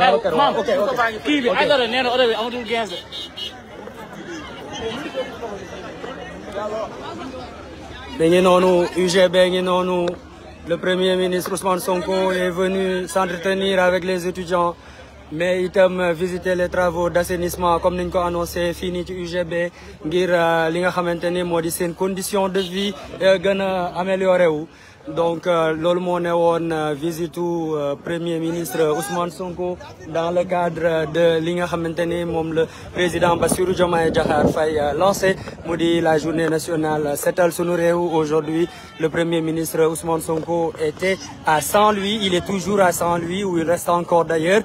Babacar waaw ok ok kii bi Aïdara nee na oto bi ngi noonu UGB ngi noonu le premier ministre Ousmane Sonko est venu s'entretenir avec les étudiants mais itam visiter les travaux d'assainissement comme niñ ko annoncé fii nii ci UGB ngir euh, li nga xamante ni moo di seen condition de vie euh, gën a amélioré wu. donc euh, loolu moo ne woon euh, visitu euh, premier ministre Ousmane Sonko dans le cadre de li nga xamante ni moom le président Bassirou Diomaye Diakhar Faye lancé mu di la journée nationale setal sunu réew aujourd'hui le premier ministre Ousmane Sonko était à Saint-Louis il est toujours à Saint-Louis où il reste encore d'ailleurs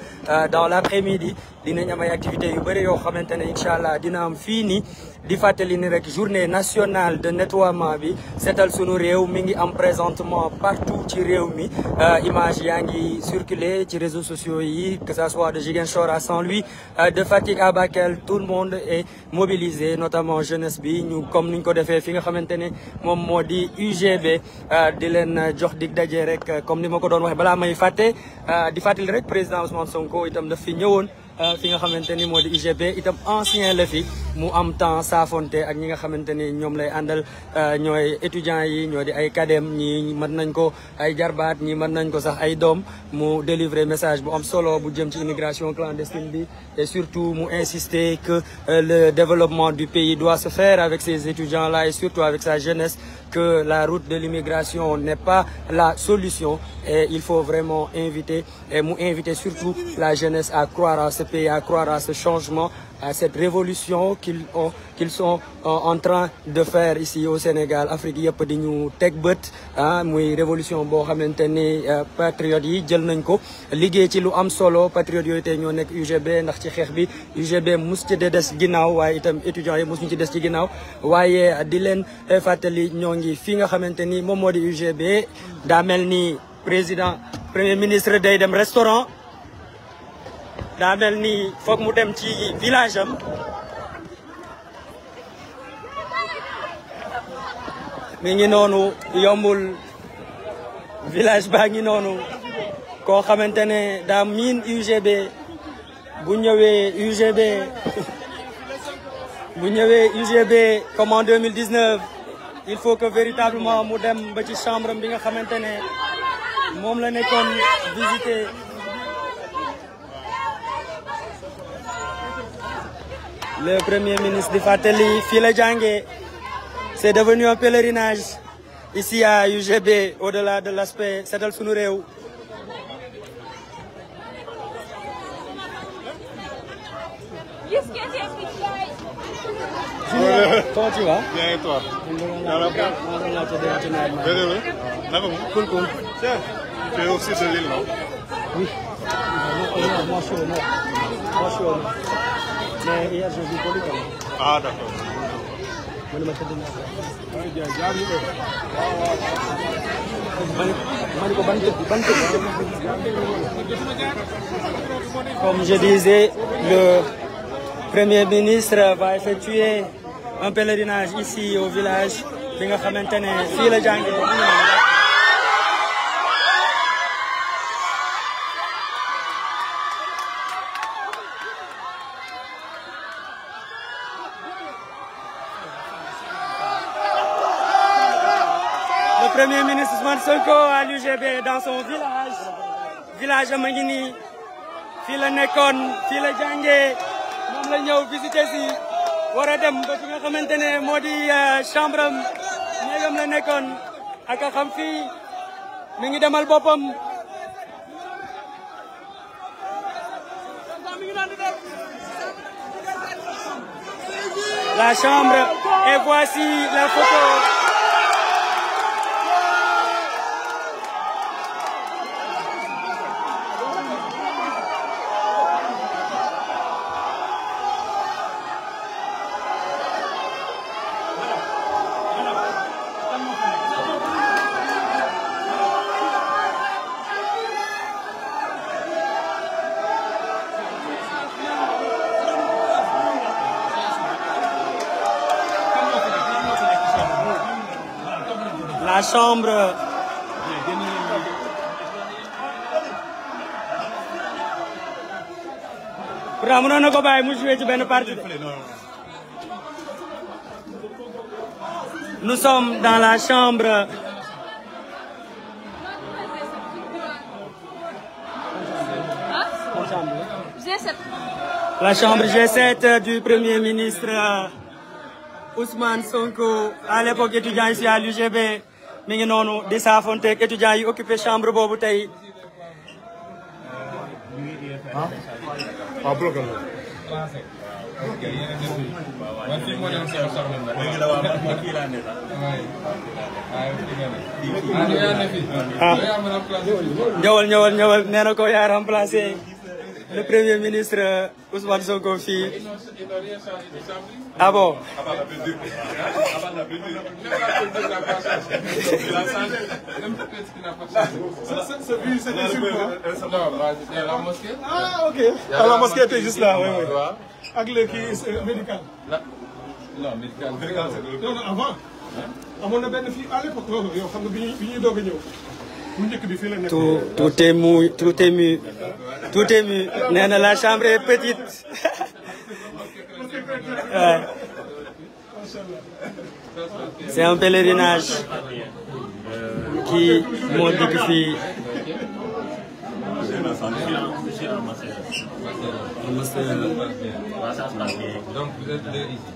dans l'après-midi dinañ am ay activités yu bëri yoo xamante ne allah dina am fii nii di fàttali ni rek journée nationale de nettoiement bi seetal sunu réew mi ngi am présentement partout ci réew mi euh, image yaa ngi circuler ci réseaux sociaux yi que ça soit de Ziguinchor à Saint-Louis euh, de Fatick à Bakel tout le monde est mobilisé notamment jeunesse bi ñu comme niñ ko defee fi nga xamante ne moom moo di UGB euh, di leen jox dig daje rek comme ni ma ko doon waxee balaa may fàtte di fàttali rek président Ousmane Sonko itam daf fi ñëwoon Euh, fi nga xamante ni moo di UGB itam ancien la fi mu am temps saafonte ak ñi nga xamante ni ñoom lay àndal euh, ñooy étudiants yi ñoo di ay kadem ñi mën nañ ko ay jarbaat ñi mën nañ ko sax ay doom mu délivrer message bu am solo bu jëm ci immigration clandestine bi et surtout mu insister que euh, le développement du pays doit se faire avec ces étudiants là et surtout avec sa jeunesse que la route de l'immigration n'est pas la solution et il faut vraiment inviter et mu inviter surtout la jeunesse à croire pays, à croire à ce changement, à cette révolution qu'ils ont qu'ils sont euh, en train de faire ici au Sénégal Afrique yëpp di ñu teg bët ah muy révolution boo xamante ni euh, patriotes yi jël nañ ko liggéey ci lu am solo patriotes yooyu tey ñoo nekk UGB ndax ci xeex bi UGB mus de des ginnaaw waaye itam étudiants yi mus ci des ci ginnaaw waaye di leen euh, fàttali ñoo ngi fii nga xamante ni moom moo di UGB daa mel ni président premier ministre day dem restaurant daa mel ni foog mu dem ci village am mi ngi noonu yombul village baa ngi noonu koo xamante ne daa miin UGB bu ñëwee UGB bu ñëwee UGB comme en 2019 il faut que véritablement mu dem ba ci chambre bi nga xamante ne moom la nekkoon visiter le premier ministre di fàttali fii la jàngee c'est devenu un pèlerinage ici à UGB au-delà de l'aspect setal sunu réew Comment tu vas? Bien et toi? Koulkoul. Tu es aussi de l'île, non? Oui. Moi, je suis au nord. Moi, je suis au nord. mais hier je joue poli ah d'accord. man ma tëdd naa ko. man ko ban tëdd ban tëdd. comme je disais le premier ministre va effectuer un pèlerinage ici au village bi nga xamante ne fii la jàngee. premier ministre Ousmane Sonko à l'UGB dans son village village am a fii la nekkoon fii la jàngee moom la ñëw visiter si war a dem ba fi nga xamante ne moo di euh, chambre am la nekkoon ak a xam fii mi ngi demal boppam. La chambre et voici la photo. chambre sommes dans la chambre la chambre G7 du premier ministre Ousmane Sonko à l'époque étudiant ici à l'UGB mi ngi noonu di saafonteeg étudiants yi occupé chambre boobu tey. ah, ah. ñëwal ñëwal ñëwal nee yaa remplacé. le premier ministre euh, Ousmane Sonko fii. ah bon. ah ok. Ah, la mosquée était juste là oui oui. ak le kii médical. non médical. non non avant. amoon na benn fii à l'époque yow xam nga bi ñuy bi ñuy doog a ñëw. tout tout mu tout est mu nee na la chambre est petite c'est un pèlerinage qui moo dikk fii donc vous êtes deux ici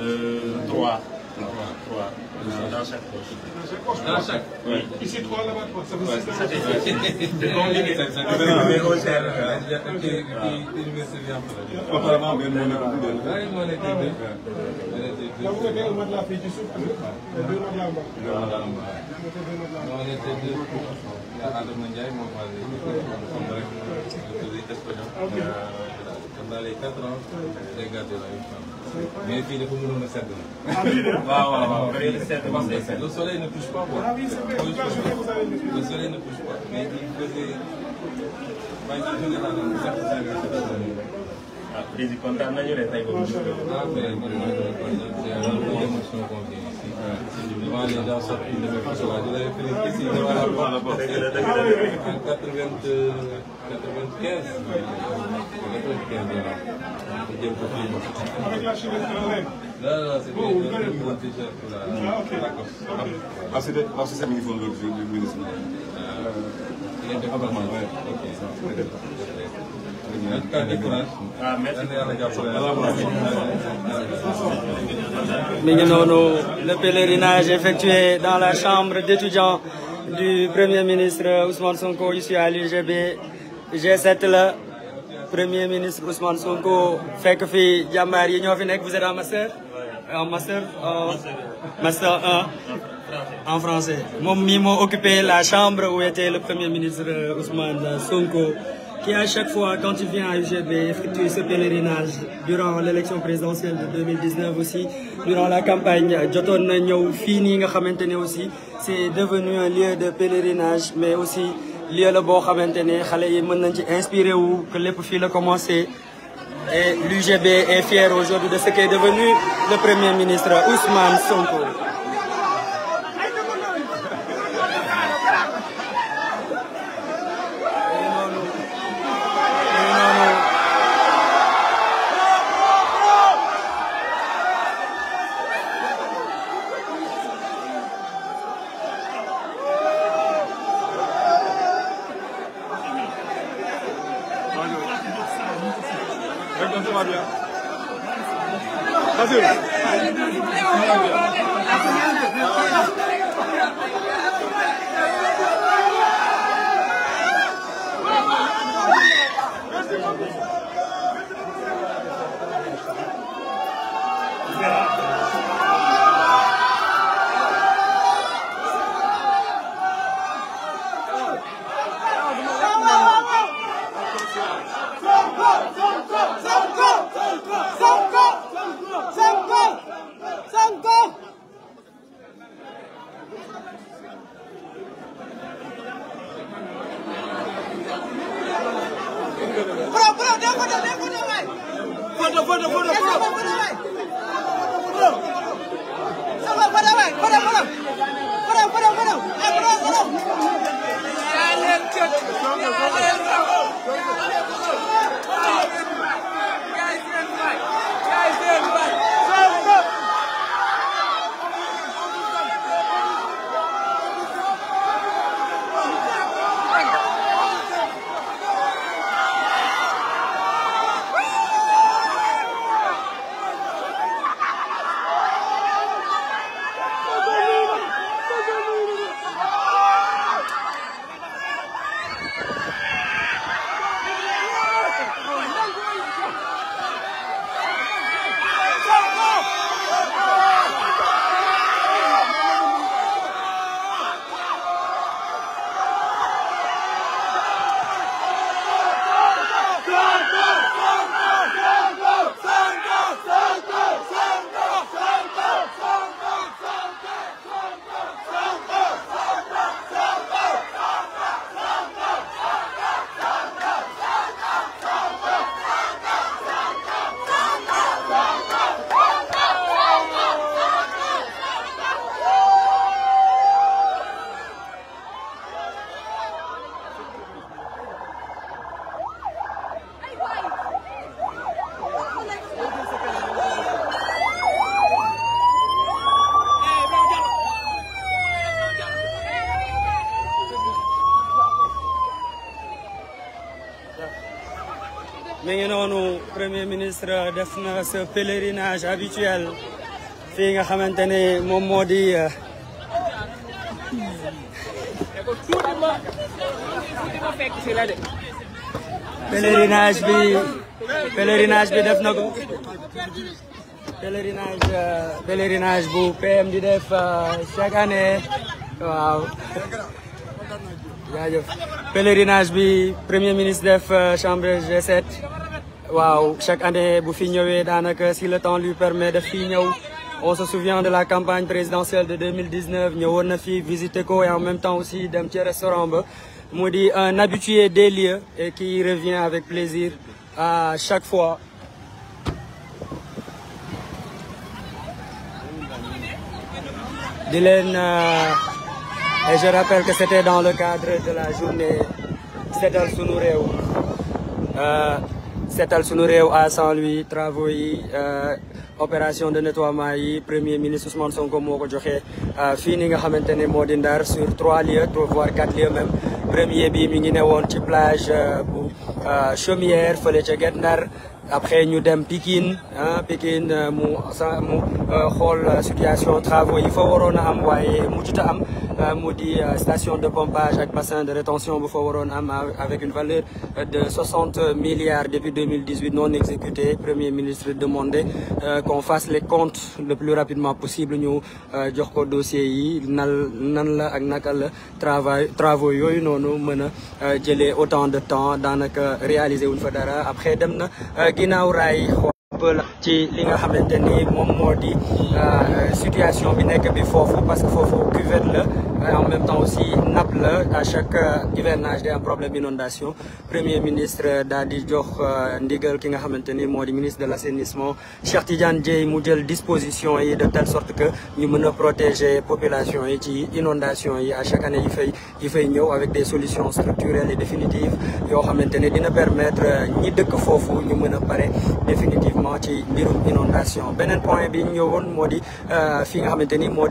euh, trois Dans chaque poche. Dans chaque poche. Ici, trois, là-bas, trois. Ça vous ça C'est combiné. Mais au cher, l'université vient pour Apparemment, ben, on est beaucoup de là. on est deux. Là, vous avez le mois de la fille du soupe. Le deux mois de la mort. Le mois de la mort. On était deux. Il y a Adam Ndiaye, mon frère. Il est espagnol. dans les quatre ans day gardé la même femme mais fii dafa mënoon a sedd na. Ah, waaw waaw waaw fii la sedd parce que le soleil ne touche pas quoi. Ah, le soleil ne touche pas mais il faisait maa ngi jóge naa ne chaque ah président kontaan nañu de tey boobu. ah mais man maa ngi kontaan c' est un peu d' émotion qu' on vient ici. devant les gens sortis de mes poches là je l' avais pris ici devant ah, la porte. en quatre vingt quatre vingt quinze. jël ko fii Non, non, c'était un t-shirt pour la Lacoste. Ah, c'était parce que c'est un uniforme de le ministre. Il est de gouvernement, oui. Ok, ça, très bien. En tout cas, bon courage. Ah, merci. Mi ngi noonu le pèlerinage effectué dans la chambre d'étudiants du Premier ministre Ousmane Sonko ici à l'UGB G7 la premier ministre Ousmane Sonko fekk fi jàmbaar yi ñoo fi nekk vous êtes euh, euh, en master. en master en master 1 français. moom mi moo occupé la chambre où était le premier ministre euh, Ousmane Sonko qui à chaque fois quand il vient à UGB effectue ce pèlerinage durant l'élection présidentielle de 2019 aussi durant la campagne jotoon na ñëw fii nii nga xamante ne aussi c'est devenu un lieu de pèlerinage mais aussi. lieu la boo xamante ne xale yi mën na ci inspiré wu que lépp fii la commencé et l'UGB est fier aujourd'hui de ce qu'est devenu le premier ministre Ousmane Sonko ça va bien. Vas-y. Merci beaucoup. ministre def na ce pèlerinage habituel fii nga xamante ne moom moo di euh, pèlerinage bi pèlerinage bi def na ko pèlerinage euh, pèlerinage bu PM di def euh, chaque année waaw jaajëf pèlerinage bi premier ministre def chambre G7 waaw chaque année bu fi ñëwee daanaka si le temps lui permet daf fi ñëw on se souvient de la campagne présidentielle de 2019 ñëwoon na fi visiter ko et en même temps aussi dem ci restaurant ba mu di un habitué des lieux et qui revient avec plaisir à chaque fois di leen euh, et je rappelle que c'était dans le cadre de la journée setal sunu réew euh, seetal suñu réew à Saint-Louis travaux euh, opération de nettoiement yi premier ministre Ousmane Sonko moo ko joxe euh, fii ni nga xamante ne moo di Ndar sur trois lieux voire quatre lieux même premier bi mi ngi ne woon ci plage euh, bu Chaumière fële ca Ndar après ñu dem Pikine ah Pikine mu sa xool situation travaux yi fa a am waaye mujjuta am Euh, mu di euh, station de pompage ak bassin de rétention bu fa waroon am euh, avec une valeur de soixante milliards depuis deux mille dix huit ñu jox ko dossier yi nan nan la ak naka la travail travaux yooyu noonu mën a jëlee autant de temps daanaka réaliser wuñ fa dara après dem na ginnaaw raay ci li nga situation bi nekk bi foofu parce que foofu cuvette la mais en même temps aussi napp la à chaque hivernage day am problème inondation premier ministre daal di jox euh, ndigal ki nga xamante ni moo di ministre de l' assainissement Cheikh Tidiane Dièye mu jël disposition yi de telle sorte que ñu mën a protéger population yi ci inondation yi à chaque année yi fay yi fay ñëw avec des solutions structurelles et définitives yoo xamante ne dina permettre euh, ñi dëkk foofu ñu mën a pare définitivement ci mbirum inondation beneen point bi moo di euh, fi nga xamante ni moo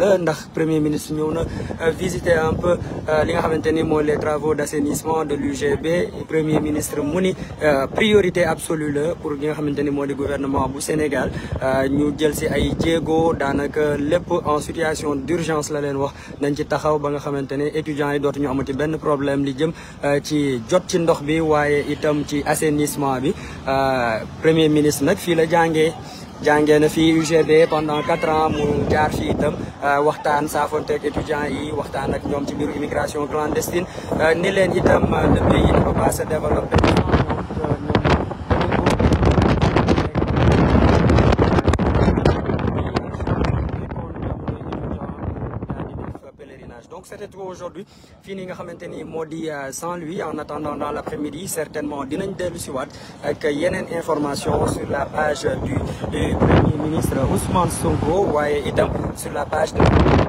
la ndax premier ministre ñëw na euh, visiter un peu euh, li nga xamante ni mooy les travaux d'assainissement de l'UGB premier ministre mu ni euh, priorité absolue la pour li nga xamante ni moo di gouvernement bu Sénégal ñu jël si ay jéego daanaka lépp en situation d'urgence la leen wax dañ ci taxaw ba nga xamante ne étudiants yi dootuñu amati benn problème li jëm ci jot ci ndox bi waaye itam ci assainissement bi premier ministre nag fii la jàngee jàngee na fii UGB pendant quatre ans mu jaar fii itam euh, waxtaan saafonteeg étudiants yi waxtaan ak ñoom ci mbiru immigration clandestine euh, ni leen itam euh, le pays ne peut pas se développer très tôt aujourd'hui fii nii nga xamante ni moo di euh, Saint-Louis en attendant dans l'après-midi certainement dina dellu si waat ak yeneen information sur la page du du premier ministre Ousmane Sonko waaye itam sur la page de